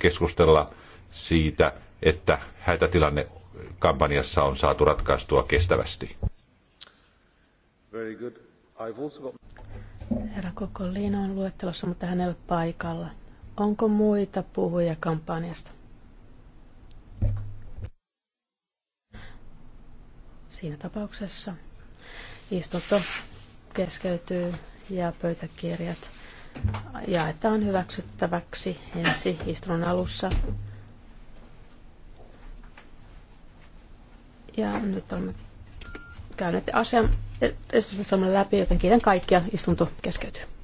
keskustella siitä, että hätätilanne kampanjassa on saatu ratkaistua kestävästi. Herra Kokolliina on luettelossa, mutta hänellä paikalla. Onko muita puhuja kampanjasta? Siinä tapauksessa istunto keskeytyy ja pöytäkirjat jaetaan hyväksyttäväksi ensi istunnon alussa. Ja nyt olemme käyneet asian eh, eh, läpi, joten kiitän kaikkia. Istunto keskeytyy.